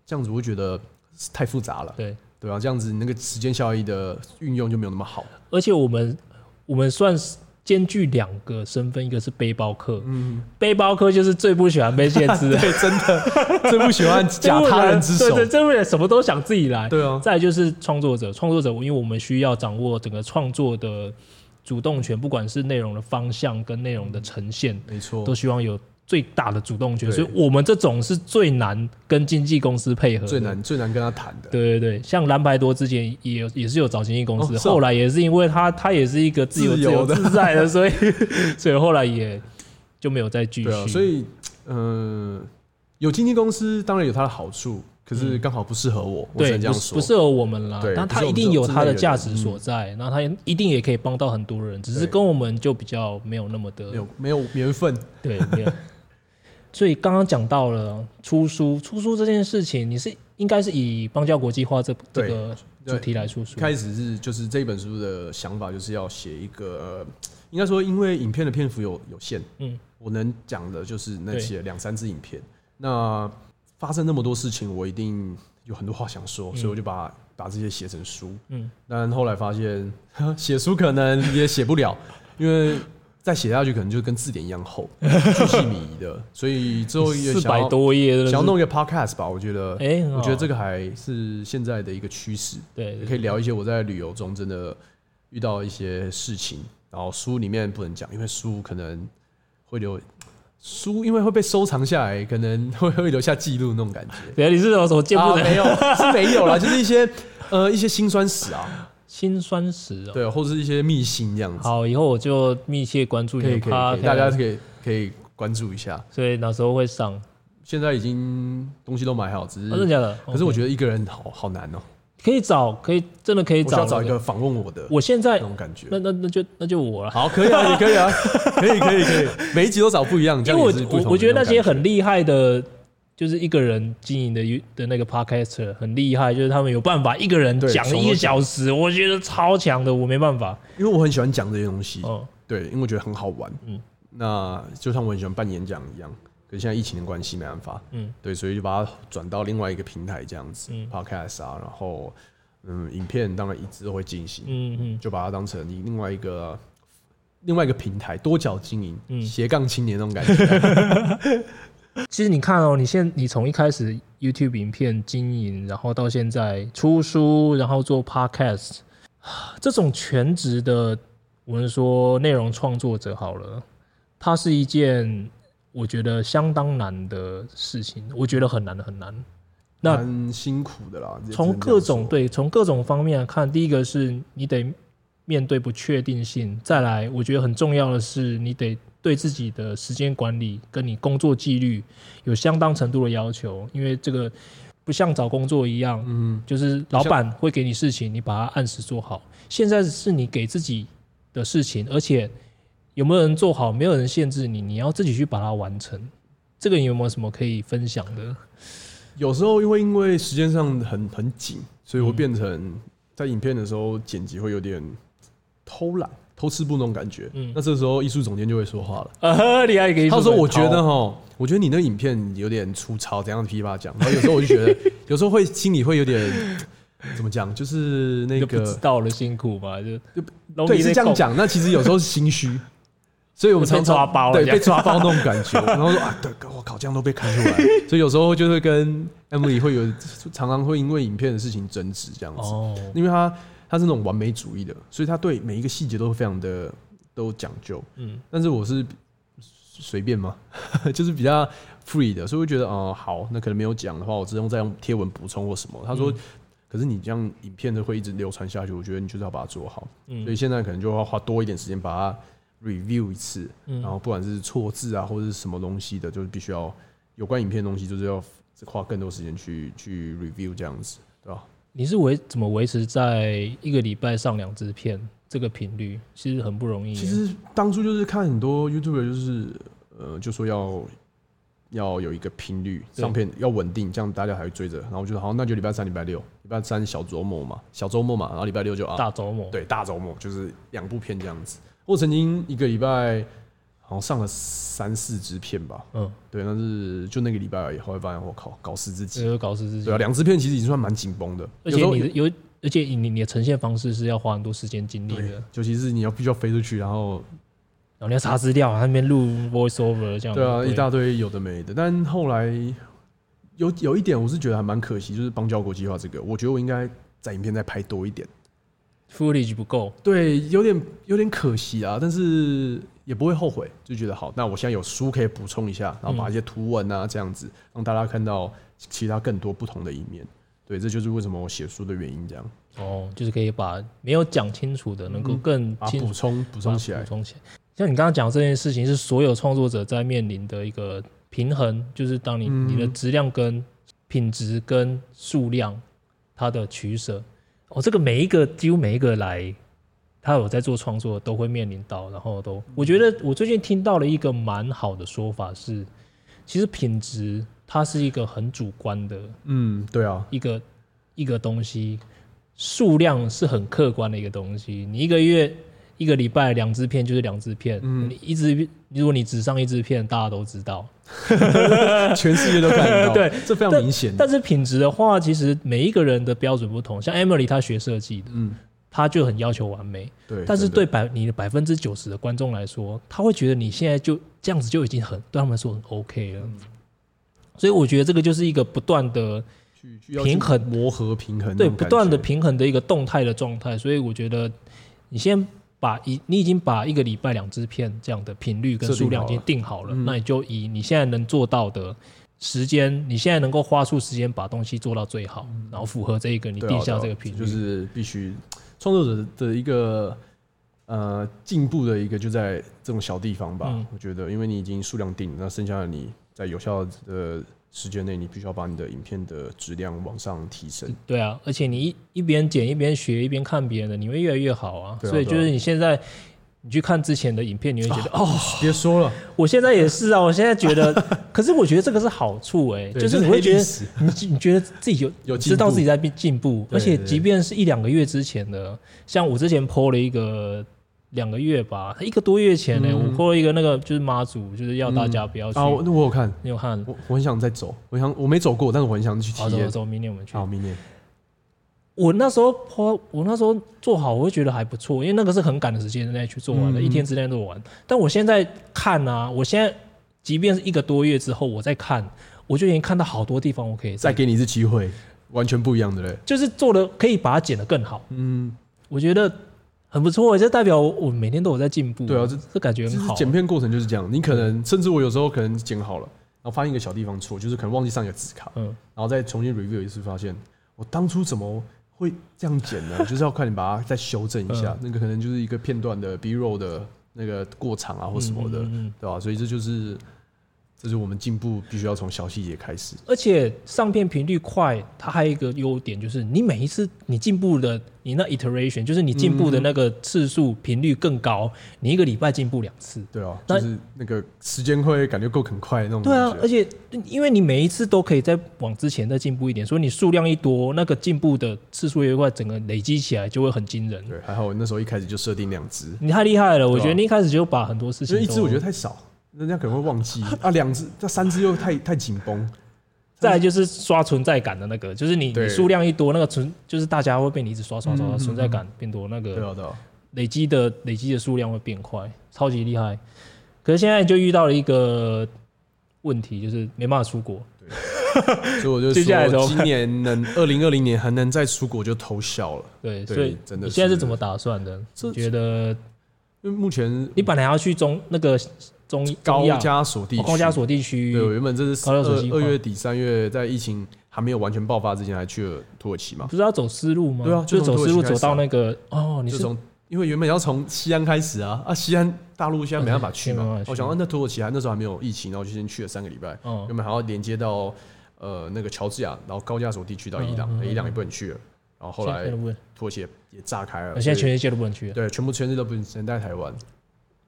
Speaker 2: 這樣子我會覺得太複雜了。對，對啊，這樣子那個時間效益的運用就沒有那麼好。而且我們我們算是兼具兩個身份，一個是
Speaker 1: 背包客，嗯，背包客就是最不喜歡被限制的， 對，真的 最不喜歡假他人之手，對對，真的什麼都想自己來。對啊。再來就是創作者，創作者，因為我們需要掌握整個創作的。主動權，不管是內容的方向跟內容的呈現，嗯、沒錯，都希望有最大的主動權。對所以，我們這種是最難跟經紀公司配合，最難最難跟他談的。對對對，像藍白多之前也也是有找經紀公司，哦、後來也是因為他他也是一個自由自由,自由自在的，所以 所以後來也
Speaker 2: 就沒有再繼續、啊。所以，嗯、呃，有經紀公司當然有它的好處。可是剛好不適合我，嗯、對，不不適合我們啦。那對他一定有他的價值所
Speaker 1: 在，那他一定也可以幫到很多人，對只是跟我們就比較沒有那麼的，沒有沒有緣分，對。沒有 所以剛剛講到了出書，出書這件事情，你是應該是以邦交國計畫這這個主題來出書。開
Speaker 2: 始是就是這一本書的想法，就是要寫一個，呃、應該說因為影片的篇幅有有限，嗯，我能講的就是那些兩三支影片，對那。發生那麼多事情，我一定有很多話想說，所以我就把把這些寫成書。嗯，但後來發現寫書可能也寫不了， 因為再寫下去可能就跟字典一樣厚， 巨細靡遺的，所以最後也四百多頁。想要弄一個 podcast 吧？我覺得，哎、欸，我覺得這個還是現在的一個趨勢。對，也可以聊一些我在旅遊中真的遇到一些事情，然後書裡面不能講，因為書可能會留。書因為會被收藏下來，可能會會留下記錄那種感覺。別，你是有什麼見過的、啊、沒有，是沒有啦， 就是一些呃一些辛酸史啊，辛酸史、喔。對，
Speaker 1: 或者一些祕辛這樣子。好，以後我就密切關注一下可以可以可以，大家可以
Speaker 2: 可以關注一下。所以哪時候會上。現在已經東西都買好，只是,、啊、是真的。可是我覺得一個人好好難哦、喔。
Speaker 1: 可以找，可以真的可以找，找一個
Speaker 2: 訪問我的。
Speaker 1: 我現在那種感覺，那那那就那就我了。好，可以啊，可以可以啊，
Speaker 2: 可以可以可以，每一集都找不一樣，因為我我我覺得那些
Speaker 1: 很厲害的，就是一個人經營的的那個 podcaster 很厲害，就是他們有辦法一個人講一個小時，
Speaker 2: 我覺得超強的，我沒辦法，因為我很喜歡講這些東西。哦，對，因為我覺得很好玩。嗯，那就像我很喜歡辦演講一樣。現在疫情的關係沒辦法，嗯，對，所以就把它轉到另外一個平台這樣子，嗯，Podcast 啊，然後，嗯，影片當然一直都會進行，嗯嗯，嗯就把它當成你另外一個另外一個平台，多角經營，嗯，斜槓青年那種感覺、
Speaker 1: 啊。 其實你看哦、喔，你現你從一開始 YouTube 影片經營，然後到現在出書，然後做 Podcast，這種全職的，我們說內容創作者好了，它是一件。我覺得相當難的事情，我覺得很難很難。那很辛苦的啦，從各種，對，從各種方面來看，第一個是你得面對不確定性，再來我覺得很重要的是你得對自己的時間管理跟你工作紀律有相當程度的要求，因為這個不像找工作一樣，嗯，就是老闆會給你事情，嗯，你把它按時做好。現在是你給自己的事情，而且。有沒有人做好？沒有人限制你，你要自己去把它完成。這個你有沒有什麼可以分享的？
Speaker 2: 有時候因為因為時間上很很緊，所以我變成在影片的時候剪輯會有點偷懶、偷吃步那種感覺。嗯，那這時候藝術總監就會說話了：“呃、啊，你來可以藝術。”他說：“我覺得哈，超我覺得你那個影片有點粗糙。”怎樣的噼啪講？然後有時候我就覺得， 有時候會心裡會有點怎麼講，就是那個知道了辛苦吧，就就對是這樣講。那其實有時候是心虛。 所以我們常常被抓包，對，被抓包那種感覺。 然後說啊，對，我靠，這樣都被看出來。所以有時候就會跟 Emily 會有常常會因為影片的事情爭執這樣子。因為他他是那種完美主義的，所以他對每一個細節都非常的都講究。嗯，但是我是隨便嘛，就是比較 free 的，所以我覺得，嗯，好，那可能沒有講的話，我只能再用貼文補充或什麼。他說，可是你這樣影片都會一直流傳下去，我覺得你就是要把它做好。嗯，所以現在可能就要花多一點時間把它 review 一次，然後不管是錯字啊或者是什麼東西的，就是必須要有關影片的東西，就是要花更多時間去去 review 這樣子，對吧？
Speaker 1: 你是維怎麼維持在一個禮拜上兩支片這個頻率？其實很不容易。其實
Speaker 2: 當初就是看很多 YouTuber 就是、呃、就說要要有一個頻率上片要穩定，這樣大家還會追着。然後我覺得好，那就禮拜三、禮拜六，禮拜三小周末嘛，小周末嘛，然後禮拜六就啊大周末，對大周末就是兩部片這樣子。我曾經一個禮拜好像上了三四支片吧，嗯，對，但是就那個禮拜而已。後來發現，我靠，搞死自己。有搞死自己。對啊，兩支片其實已經算蠻緊繃的。而且你
Speaker 1: 有，有，而且以你你的呈現方式是要花
Speaker 2: 很多時間精力的，尤其是你要必須要飛出去，然後，然後你要查資料，那邊錄 voice over 這樣，對啊，一大堆有的沒的。但後來有有一點，我是覺得還蠻可惜，就是邦交國計畫這個，我覺得我應該在影片再拍多一點。Foolish 不夠，對，有點有點可惜啊，但是也不會後悔，就覺得好。那我現在有書可以補充一下，然後把一些圖文啊這樣子，嗯、讓大家看到其他更多不同的一面。對，這就是為什麼我寫書的原因，這樣。哦，就是可以把沒有
Speaker 1: 講清楚的，能夠更、嗯、把補充補充起來，補充起來。起來像你剛剛講這件事情，是所有創作者在面臨的一個平衡，就是當你、嗯、你的質量跟品質跟數量它的取舍。哦，這個每一個，幾乎每一個來，他有在做創作都會面臨到，然後都我覺得我最近聽到了一個蠻好的說法是，其實品質它是一個很主觀的一個，嗯，對啊，一個一個東西，數量是很客觀的一個東西，你一個月。一個禮拜兩支片就是兩支片，嗯，一支如果你只上一支片，大家都知道， 全世界都看得到， 對，
Speaker 2: 這非常明顯。但
Speaker 1: 是品質的話，其實每一個人的標準不同。像 Emily 她學設計的，嗯，她就很要求完美，對。但是對百的你的百分之九十的觀眾來說，他會覺得你現在就這樣子就已經很對他們來說很 OK 了。嗯，所以我覺得這個就是一個不斷的平衡、磨合、平衡，對，不斷的平衡的一個動態的狀態。所以我覺得你先。把一，你已經把一個禮拜兩支片這樣的頻率跟數量已經定好了，設定好了，嗯、那你就以你現在能做到的時間，你現在能夠花出時間把東西做到最好，然後符合這個你定下這個頻率，對啊
Speaker 2: 對啊就是必須創作者的一個呃進步的一個就在這種小地方吧，嗯、我覺得，因為你已經數量定，那剩下的你在有效的、這個時間內，你必須要把你的影片的質量往上提升。
Speaker 1: 對啊，而且你一一邊剪一邊學一邊看別人的，你會越來越好啊。所以就是你現在你去看之前的影片，你會覺得哦，別說了，我現在也是啊，我現在覺得，可是我覺得這個是好處哎，就是你會覺得你你覺得自己有有知道自己在變進步，而且即便是一兩個月之前的，像我之前 PO 了一個。兩個月吧，一個多月前呢、欸，嗯、我潑一個那個就是媽祖，就是要大家不要去、嗯、哦，那我有看，你有看，
Speaker 2: 我我很想再走，我想我沒走過，但是我很想去體驗。走，走，
Speaker 1: 明年我們去。好，明年。
Speaker 2: 我那時候潑，我那時候做好，我會
Speaker 1: 覺得還不錯，因為那個是很趕的時間，現在去做完了，嗯、一天之內做完。但我現在看啊我現在即便是一個多月之後，我再看，我就已經看到好多地方我可以。再給你一次機會，完全不一樣的嘞，就是做的可以把它剪得更好。嗯，我覺得。
Speaker 2: 很不錯，這代表我每天都有在進步、啊。對啊，這這感覺很好。剪片過程就是這樣，你可能、嗯、甚至我有時候可能剪好了，然後發現一個小地方錯，就是可能忘記上一個字卡，嗯、然後再重新 review 一次，發現我當初怎麼會這樣剪呢？ 就是要快點把它再修正一下，嗯、那個可能就是一個片段的 B roll 的那個過場啊或什麼的，嗯嗯嗯對吧、啊？所以這就是。就是我們進步必須要從小細節開始，
Speaker 1: 而且上片頻率快，它還有一個優點就是你每一次你進步的你那 iteration，就是你進步的那個次數頻率更高。嗯、你一個禮拜進步兩次，對啊，那就是那個
Speaker 2: 時間會感覺夠很快的那種
Speaker 1: 感覺。對啊，而且因為你每一次都可以再往之前再進步一點，所以你數量一多，那個進步的次數越，越快，整個累積起來就會很驚人。對，還
Speaker 2: 好我那時候一開始就設定兩支，你太厲害了，啊、我覺得你一開始就把很多事情。一支我覺得太少。人家可能會忘記啊，兩只這三只又太太緊繃。
Speaker 1: 再來就
Speaker 2: 是刷存
Speaker 1: 在感的那個，就是你對 你數量一多，那個存就是大家會被你一直刷刷刷、嗯嗯嗯、存在感變多，那個對啊對啊。累積的累積的數量會變快，超級厲害。可是現在就遇到了一個問題，就是沒辦法出國，
Speaker 2: 對所以我就接下來，今年能二零二零年還能再出國就偷笑了。對，對所以真的你現在是怎麼打
Speaker 1: 算的？這覺得因為目前你本來要去中那個。中高加索地區，高加索地區。對，原本這是二月
Speaker 2: 底三月，在疫情還沒有完全爆發之前，還去了土耳其嘛？不是要走絲路嗎？對啊，就是走絲路走到那個哦，你是從因為原本要從西安開始啊啊，西安大陸現在沒辦法去嘛。我想啊，那土耳其還那時候還沒有疫情，然後就先去了三個禮拜。原本還要連接到呃那個喬治亞，然後高加索地區到伊朗，伊朗也不能去了。然後後來土耳其也炸開了，現在全世界都不能去了，對，全部全世界都不能在台灣。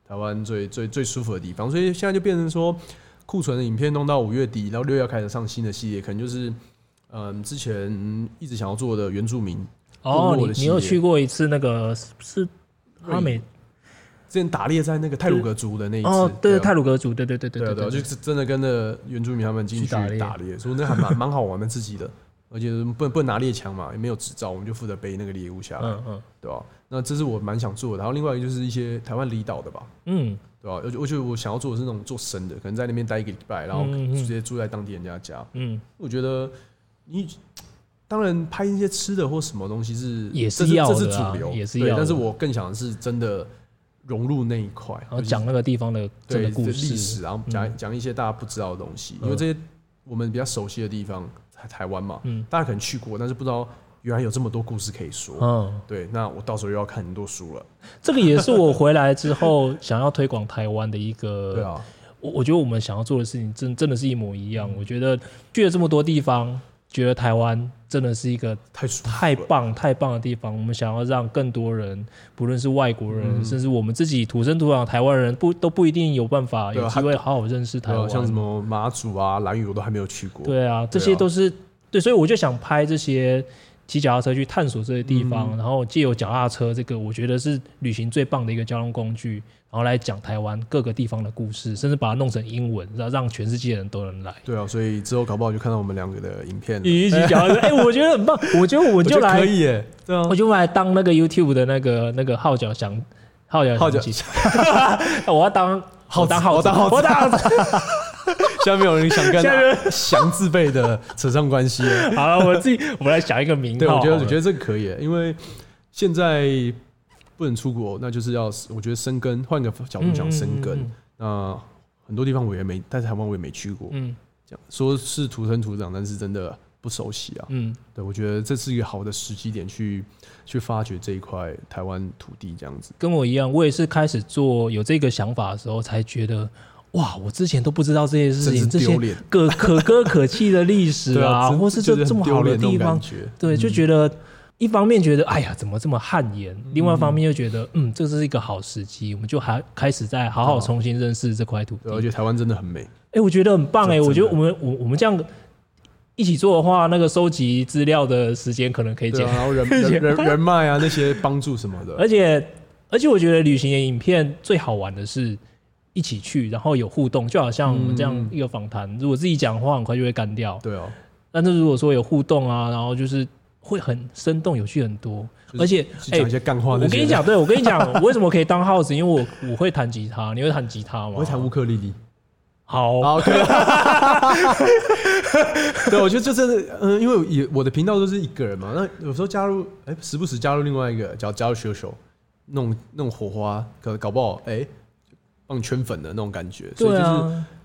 Speaker 2: 台灣最最最舒服的地方，所以現在就變成說，庫存的影片弄到五月底，然後六月開始上新的系列，可能就是嗯，之前一直想要做的原住民哦你，你有去
Speaker 1: 過一次那個是阿美，
Speaker 2: 之前打獵在那個太魯閣族的那一次，對
Speaker 1: 太魯閣族，對對，啊、對對對對對對，就是
Speaker 2: 真的跟着原住民他們進去打獵，打所以那還蠻蠻好玩的，自己的，而且不能不能拿獵槍嘛，也沒有執照，我們就負責背那個獵物下來，嗯嗯，嗯對吧、啊？那這是我蠻想做的，然後另外一個就是一些台灣離島的吧，嗯，對吧、啊？而且我覺得我想要做的是那種做深的，可能在那邊待一個禮拜，然後直接住在當地人家家。嗯，我覺得你當然拍一些吃的或什麼東西是也是要，這是主流也是，但是我更想的是真的融入那一塊，然後講
Speaker 1: 那個地方的這個故事，
Speaker 2: 然後講講一些大家不知道的東西，因為這些我們比較熟悉的地方，台灣嘛，嗯，大家可能去過，但是不知道。原來有這麼多故事可以說，嗯，對，那我到時候又要看很多書了。這個也是我回來之後
Speaker 1: 想要推廣台灣的一個。對啊，我我覺得我們想要做的事情真真的是一模一樣。我覺得去了這麼多地方，覺得台灣真的是一個太棒太、太棒太棒的地方。我們想要讓更多人，不論是外國人，嗯、甚至我們自己土生土長台灣人，不都不一定有辦法有機
Speaker 2: 會好好認識台灣，啊啊，像什麼馬祖啊、蘭嶼，我都還沒有去過。對
Speaker 1: 啊，這些都是對、啊、對，所以我就想拍這些。騎腳踏車去探索這些地方，嗯、然後借由腳踏車這個，我覺得是旅行最棒的一個交通工具，然後來講台灣各個地方的故事，甚至把它弄成英文，讓讓全世界的人都能來。
Speaker 2: 對啊，所以之後搞不好就看到我們兩個的影片了，一起腳踏車。哎、欸欸，我覺得很棒， 我覺得我就來，可以耶、欸，
Speaker 1: 對啊，我就來當那個 YouTube 的那個那個浩角翔，
Speaker 2: 浩角、浩角翔起，浩
Speaker 1: 子 我要當浩子、當浩子、當浩子
Speaker 2: 現在沒有人想跟祥字輩的扯上關係。哈哈哈哈，好，我自己我們來想一個名。對，我覺得我覺得這個可以，因為現在不能出國，那就是要我覺得生根。換個角度講，生根。嗯、那很多地方我也沒，但是台灣我也沒去過。嗯，這樣說是土生土長，但是真的不熟悉啊。嗯，對我覺得這是一個好的時機點去，去去發掘這一塊台灣土地這樣子。
Speaker 1: 跟我一樣，我也是開始做有這個想法的時候，才覺得。哇！我之前都不知道這些事情，這些可可歌可泣的歷史啊，或是這這麼好的地方，對，就覺得一方面覺得哎呀，怎麼這麼汗顏，另外一方面又覺得，嗯，這是一個好時機，我們就還開始在好好重新認識這塊土地。我覺
Speaker 2: 得台灣真的很美，
Speaker 1: 哎，我覺得很棒，哎，我覺得我們我我們這樣一起做的話，那個收集資料的時間可能可以減少，然後人人
Speaker 2: 脈啊，那些幫助什麼的。
Speaker 1: 而且而且，我覺得旅行的影片最好玩的是，一起去，然後有互動，就好像我們這樣一個訪談。嗯、如果自己講話，很快就會乾掉。對哦。但是如果說有互動啊，然後就是會很生動、有趣很多。就是、而且講幹話、欸、我跟你講，對，我跟你講， 我為什麼可以當 host？因為我我會彈吉他，你會彈吉他嗎？我會彈烏克麗麗。
Speaker 2: 好。OK。對，我覺得就是嗯，因為也我的頻道都是一個人嘛，那有時候加入，哎、欸，時不時加入另外一個，叫加入秀秀弄弄火花，可搞不好，哎、欸。放圈粉的那種感覺，啊、所以就是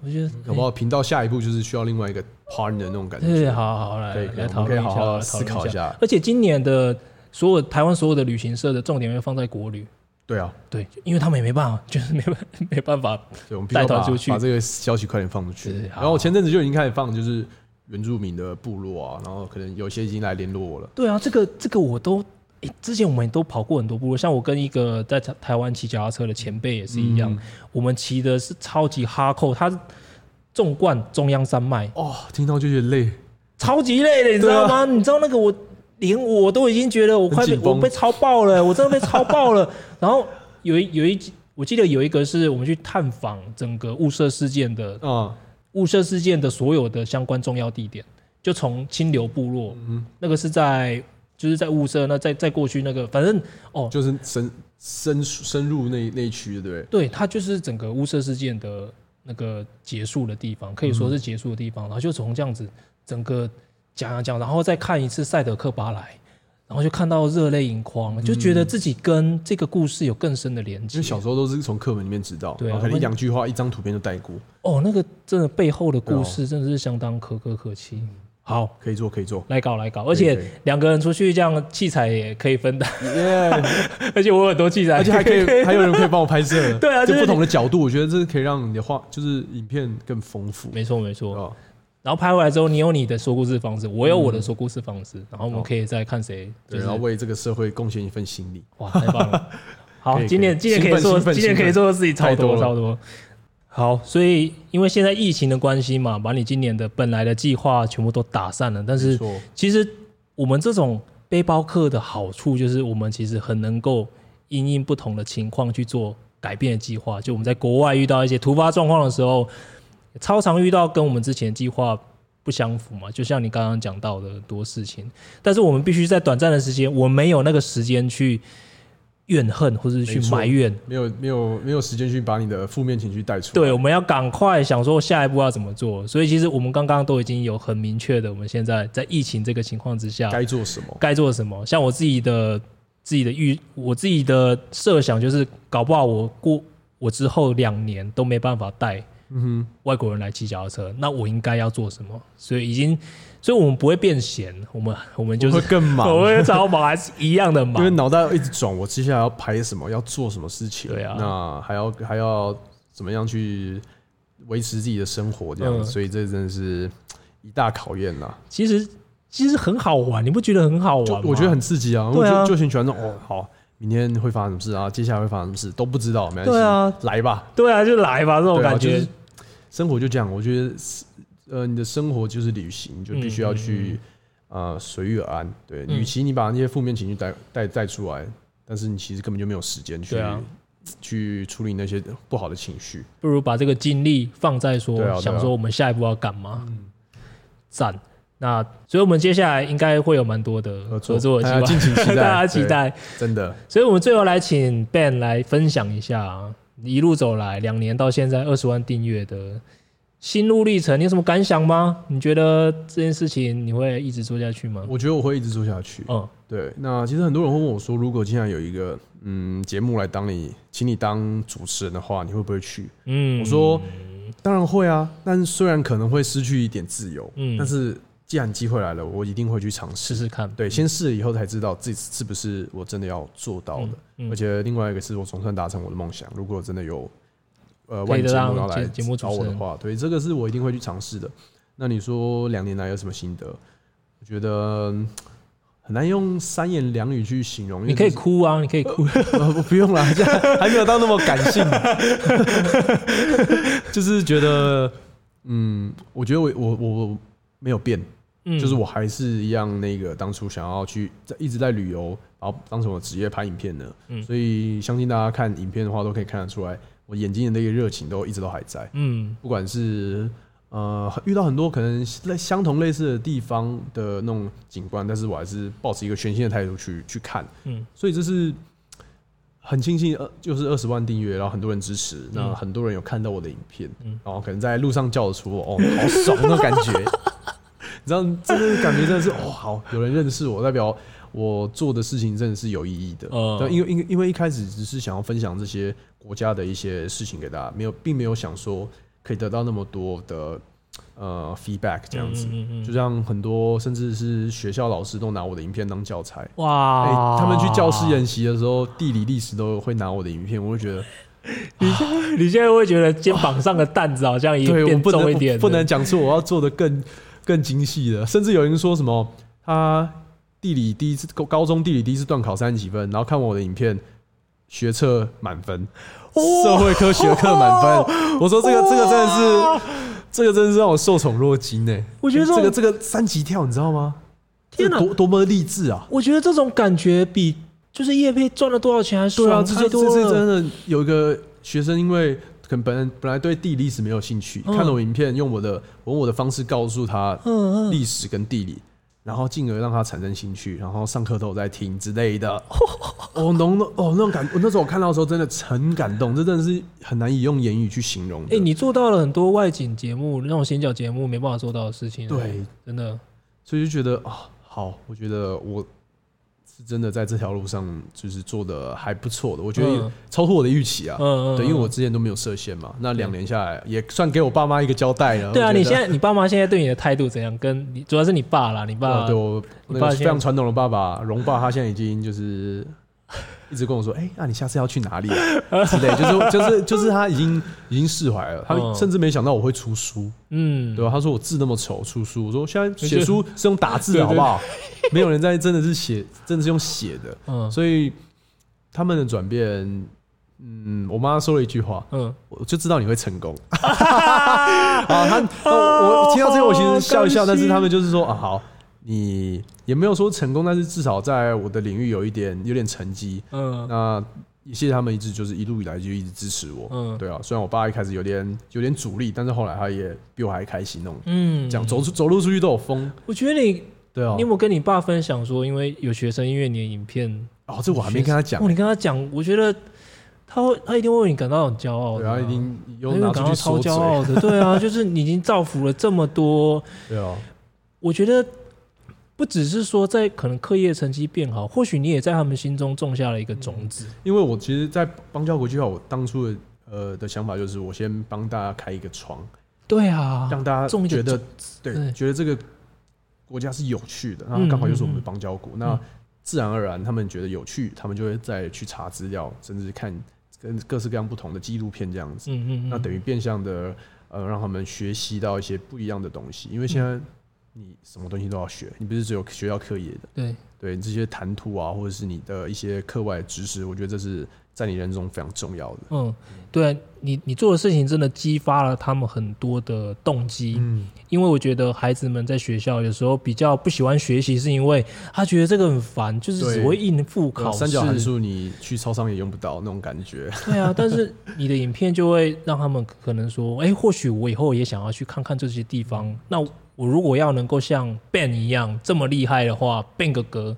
Speaker 2: 我覺得、嗯，好不好？頻道下一步就是需要另外一個 partner 的那種感覺。對，好好來，對，可以來討論一下，好好思考一下。一下，
Speaker 1: 而且今年的，所有台灣所有的旅行社的重點會放在國旅。對啊，對，因為他們也沒辦法，就是沒辦沒辦法
Speaker 2: 對，我們帶團出去，把這個消息快點放出去。是，然後我前陣子就已經開始放，就是原住民的部落啊，然後可能有些已經來聯絡我了。
Speaker 1: 對啊，這個這個我都。欸、之前我們也都跑過很多部落，像我跟一個在台台灣騎腳踏車的前輩也是一樣，嗯、我們騎的是超級哈扣，他縱貫中央山脈，哦，聽到就有得累，超級累的，嗯、你知道嗎？啊、你知道那個我連我都已經覺得我快被我被超爆了，我真的被超爆了。 然後有一有一，我記得有一個是我們去探訪整個霧社事件的啊，霧社、嗯、事件的所有的相關重要地點，就從清流部落，嗯，嗯，那個是在。就是在霧社，那在在過去那個，反正哦，就是深
Speaker 2: 深深入那那區，對不對？
Speaker 1: 對，它就是整個霧社事件的那個結束的地方，可以說是結束的地方。嗯、然後就從這樣子整個講講講，然後再看一次賽德克巴萊，然後就看到熱淚盈眶，嗯、就覺得自己跟
Speaker 2: 這個故事有更深的連接。因為小時候都是從課文裡面知道，對、啊，然後可能兩句話、嗯、一張圖片就帶過。
Speaker 1: 哦，那個真的背後的故事，真的是相當可歌可泣。
Speaker 2: 好，可以做，可以做，
Speaker 1: 來搞，來搞，而且兩個人出去，這樣器材也可以分擔。耶！而且我有很多器材，而且還可以，還有人可以幫我拍攝。對啊，就不同
Speaker 2: 的角度，我覺得這是可以讓你的畫，就是
Speaker 1: 影片更豐富。沒錯，沒錯。然後拍回來之後，你有你的說故事方式，我有我的說故事方式，然後我們可以再看誰。對，然後
Speaker 2: 為這個社會貢獻一份心力。哇，
Speaker 1: 太棒了！好，今天今天可以做，今天可以做的事情超多，超多。好，所以因為現在疫情的關係嘛，把你今年的本來的計劃全部都打散了。但是其實我們這種背包客的好處就是，我們其實很能夠因應不同的情況去做改變的計劃。就我們在國外遇到一些突發狀況的時候，超常遇到跟我們之前的計劃不相符嘛，就像你剛剛講到的很多事情。但是我們必須在短暫的時間，我沒有那個時間去。怨恨或者是去埋怨，沒錯，沒有沒有沒有時間去把你的負面情緒帶出來。對，我們要趕快想說下一步要怎麼做。所以其實我們剛剛都已經有很明確的，我們現在在疫情這個情況之下，該做什麼？該做什麼？像我自己的自己的預，我自己的設想就是，搞不好我過我之後兩年都沒辦法帶。嗯哼，外國人來騎腳踏車，那我應該要做什麼？所以已經，所以我們不會變閒，我們我們就是會更忙，我也超忙，還是一樣的忙， 因為腦
Speaker 2: 袋一直轉。我接下來要拍什麼，要做什麼事情？對啊，那還要還要怎麼樣去維持自己的生活這樣子？嗯、所以這真的是一大考驗吶、啊。其實其實很好玩，你不覺得很好玩？我覺得很刺激啊！我啊，就喜歡那種哦，好，明天會發生什麼事啊？接下來會發生什麼事都不知道，沒關係，對啊，來吧，對啊，就來吧，這種感覺。生活就這樣，我覺得，呃，你的生活就是旅行，就必須要去啊，隨遇、嗯嗯呃、而安。對，與、嗯、其你把那些負面情緒帶帶帶出來，但是你其實根本就沒有時間去、啊、去處理那些不好的情緒，
Speaker 1: 不如把這個精力放在說，啊啊、想說我們下一步要幹嘛。啊啊、嗯，讚。那所以，我們接下來應該會有蠻多的合作希望、啊、 大家期待，真的。所以我們最後來請 Ben 來分享一下啊。一路走來，兩年到現在二十萬訂閱的心路歷程，你有什麼感想嗎？你覺得這件事情你會一直做下
Speaker 2: 去嗎？我覺得我會一直做下去。嗯，對。那其實很多人會問我說，如果經常有一個嗯節目來當你，請你當主持人的話，你會不會去？嗯，我說當然會啊。但是雖然可能會失去一點自由，嗯，但是。既然機會來了，我一定會去嘗試試試看。對，先試了以後才知道這次是不是我真的要做到的。嗯嗯、而且另外一個是我總算達成我的夢想。如果真的有呃萬一節目要來找我的話，對，這個是我一定會去嘗試的。那你說兩年來有什麼心得？我覺得很難用三言兩語去形容。就是、你可以哭啊，你可以哭，呃、我不用了，還沒有到那麼感性， 就是覺得嗯，我覺得我我我沒有變。嗯，就是我還是一樣，那個當初想要去在一直在旅遊，然後當成我職業拍影片呢。嗯，所以相信大家看影片的話，都可以看得出來，我眼睛的那個熱情都一直都還在。嗯，不管是呃遇到很多可能類相同類似的地方的那種景觀，但是我還是抱持一個全新的態度去去看。嗯，所以這是很慶幸二就是二十萬訂閱，然後很多人支持，那很多人有看到我的影片，嗯，然後可能在路上叫得出哦，好爽的感覺。 你知道，真的感覺真的是哦，好，有人認識我，代表我做的事情真的是有意義的。那、呃、因為，因因為一開始只是想要分享這些國家的一些事情給大家，沒有，並沒有想說可以得到那麼多的呃 feedback 這樣子。嗯嗯嗯嗯就像很多甚至是學校老師都拿我的影片當教材。哇、欸！他們去教師演習的時候，地理歷史都會拿我的影片。我會覺得，哇你現哇你現在會覺得肩膀上的擔子好像也變重一點，我不能講錯我，我要做的更。更精細的，甚至有人說什麼他、啊、地理第一次高中地理第一次段考三十幾分，然後看完我的影片，學測滿分，哦、社會科學課滿分。哦、我說這個、哦、這個真的是，哦、這個真的是讓我受寵若驚呢、欸。我覺得這、欸這個這個三級跳，你知道嗎？天哪，多多麼的勵志啊！
Speaker 1: 我覺得這種感覺比就是業配賺了多少錢還爽。啊、這次真的
Speaker 2: 有一個學生因為。跟本來本來對地理歷史沒有興趣，哦、看了我影片，用我的用我的方式告訴他歷史跟地理，嗯嗯、然後進而讓他產生興趣，然後上課都有在聽之類的。哦，那種那種感，我那時候我看到的時候真的很感動，這真的是很難以用言語去形容。哎、欸，你做到了很
Speaker 1: 多外景節目那種行腳節目沒辦法做到的事情，對，真的，
Speaker 2: 所以就覺得啊，好，我覺得我。真的在這條路上就是做得還不錯的，我覺得也超出我的預期啊。對，因為我之前都沒有設限嘛。那兩年下來也算給我爸媽一個交代了。對啊，你現在
Speaker 1: 你爸媽現在對你的態度怎樣？跟你主要是你爸啦，你爸，對，
Speaker 2: 你爸非常傳統的爸爸，融爸他現在已經就是。一直跟我說：“哎、欸，那你下次要去哪裡啊？”之類，就是就是就是，就是，他已經已經釋懷了。他甚至沒想到我會出書，嗯，對吧？他說我字那麼醜，出書。我說現在寫書是用打字的對，對好不好？沒有人在真的是寫， 真的是用寫的。嗯，所以他們的轉變，嗯，我媽說了一句話，嗯，我就知道你會成功。啊， 啊，那、啊、我，我聽到這個，我其實笑一笑，新但是他們就是說啊，好。你也沒有說成功，但是至少在我的領域有一點有點成績。嗯，那也謝謝他們一直就是一路以來就一直支持我。嗯，對啊，雖然我爸一開始有點有點阻力，但是後來他也比我還開心那種。嗯，講走出走路出去都有風。嗯、我覺得你對啊，你有
Speaker 1: 沒有跟你爸分享說，因為有學生因為你的影片哦，這我還沒跟他講、哦。你跟他講，我覺得他會他一定會為你感到很驕傲，啊、對啊，他一定，有感到超驕傲的。對啊， 就是你已經造福了這麼多。對啊，我覺得。不只是說在可能課業成績變好，或許你也在他們心中種下了一個種子。嗯、
Speaker 2: 因為我其實，在邦交國計劃，我當初的呃的想法就是，我先幫大家開一個窗，對啊，讓大家種一個種子，對，覺得這個國家是有趣的，對那剛好就是我們的邦交國，嗯嗯嗯，那自然而然他們覺得有趣，他們就會再去查資料，甚至看跟各式各樣不同的紀錄片這樣子，嗯，嗯嗯，那等於變相的、呃、讓他們學習到一些不一樣的東西，因為現在。嗯你什麼東西都要學，你不是只有學校課業的。對對，這些談吐啊，或者是你的一些課外的知識，我覺得這是在你人生中非常重要的。
Speaker 1: 嗯，對、啊、你你做的事情真的激發了他們很多的動機。嗯，因為我覺得孩子們在學校有時候比較不喜歡學習，是因為他覺得這個很煩，就是只會應付考試。三角函數
Speaker 2: 你去操場也用不到那種感覺。對啊，但是
Speaker 1: 你的影片就會讓他們可能說，哎， 或許我以後我也想要去看看這些地方。嗯、那。我如果要能夠像 Ben 一樣這麼厲害的話，變個格，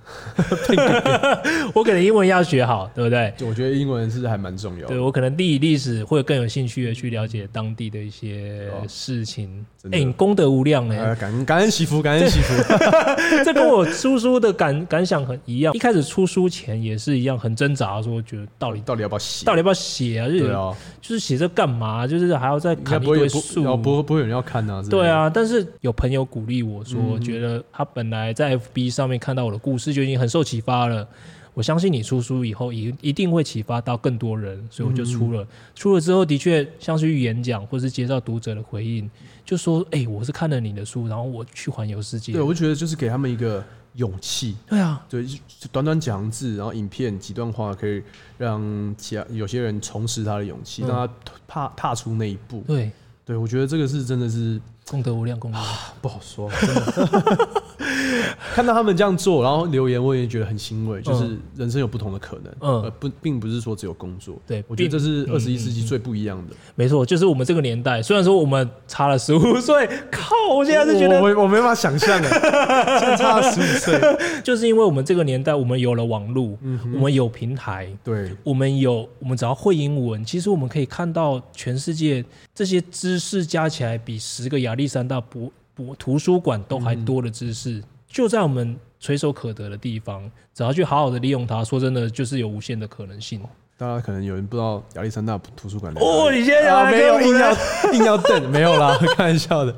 Speaker 1: 我可能英文要學好，對不對？我覺得英文是還蠻重要。對，我可能歷歷史會更有興趣的去了解當地的一些事情。哎、哦，欸、你功德無量嘞、啊！感恩感恩福，媳婦感恩媳婦。對 這跟我出書，書的感感想很一樣。一開始出書前也是一樣，很掙扎，說覺得
Speaker 2: 到底到底要不要寫？到底要不要寫啊？就是對、啊、就
Speaker 1: 是寫這幹嘛？就是還要再砍一堆樹。要不會
Speaker 2: 不，不會有人要看啊。對啊，
Speaker 1: 但是有。朋友鼓勵我說：“覺得他本來在 FB 上面看到我的故事就已經很受啟發了。我相信你出書以後，一一定會啟發到更多人。所以我就出了，出了之後的確像是去演講，或是接到讀者的回應，就說：‘哎，我是看了你的書，然後我去環遊世界對。’對，我覺
Speaker 2: 得就是給他們一個勇氣。對啊，對，短短幾行字，然後影片幾段話，可以讓其他有些人重拾他的勇氣，嗯、讓他踏踏出那一步。對，對，我覺得這個是真的是。”
Speaker 1: 功德無量，功德、啊、不好說。
Speaker 2: 看到他們這樣做，然後留言，我也覺得很欣慰。嗯、就是人生有不同的可能，嗯，而不，並不是說只有工作。對，我覺得這是二十一世紀最不一樣的。嗯嗯嗯、沒錯，就是我們這個年代，雖然說我們
Speaker 1: 差了十五歲，
Speaker 2: 靠，我現在是覺得我我
Speaker 1: 沒法想象啊，
Speaker 2: 差了十五歲，
Speaker 1: 就是因為我們這個年代，我們有了網絡，嗯、哼我們有平台，對我們有，我們只要會英文，其實我們可以看到全世界這些知識加起來，比十個楊。亞歷山大博博圖書館都還多的知識，就在我們垂手可得的地方，只要去好好的利用它。說真的，就是有無限的可能性。
Speaker 2: 大家可能有人不知道亞歷山大圖書館。哦，你先聊沒有硬要硬要瞪？沒有啦，開玩笑的。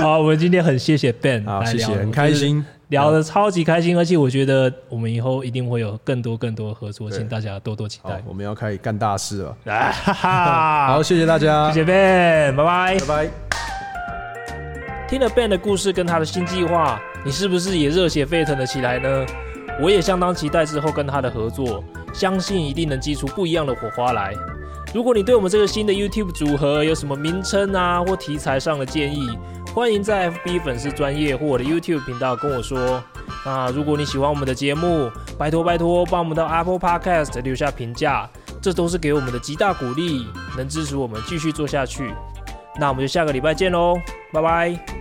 Speaker 2: 好，我們今天很謝謝 Ben，啊謝謝，很開心，聊
Speaker 1: 得超級開心。而且我覺得我們以後一定會有更多更多合作，請大家多多期待。
Speaker 2: 我們要開始幹大事了。哈
Speaker 1: 哈，好，謝謝大家，謝謝 Ben，拜拜，拜拜。聽了 Ben 的故事跟他的新計劃，你是不是也熱血沸騰了起來呢？我也相當期待之後跟他的合作，相信一定能激出不一樣的火花來。如果你對我們這個新的 YouTube 組合有什麼名稱啊或題材上的建議，歡迎在 FB 粉絲專頁或我的 YouTube 頻道跟我說。那、啊、如果你喜歡我們的節目，拜託拜託幫我們到 Apple Podcast 留下評價，這都是給我們的極大鼓勵，能支持我們繼續做下去。那我們就下個禮拜見嘍，拜拜。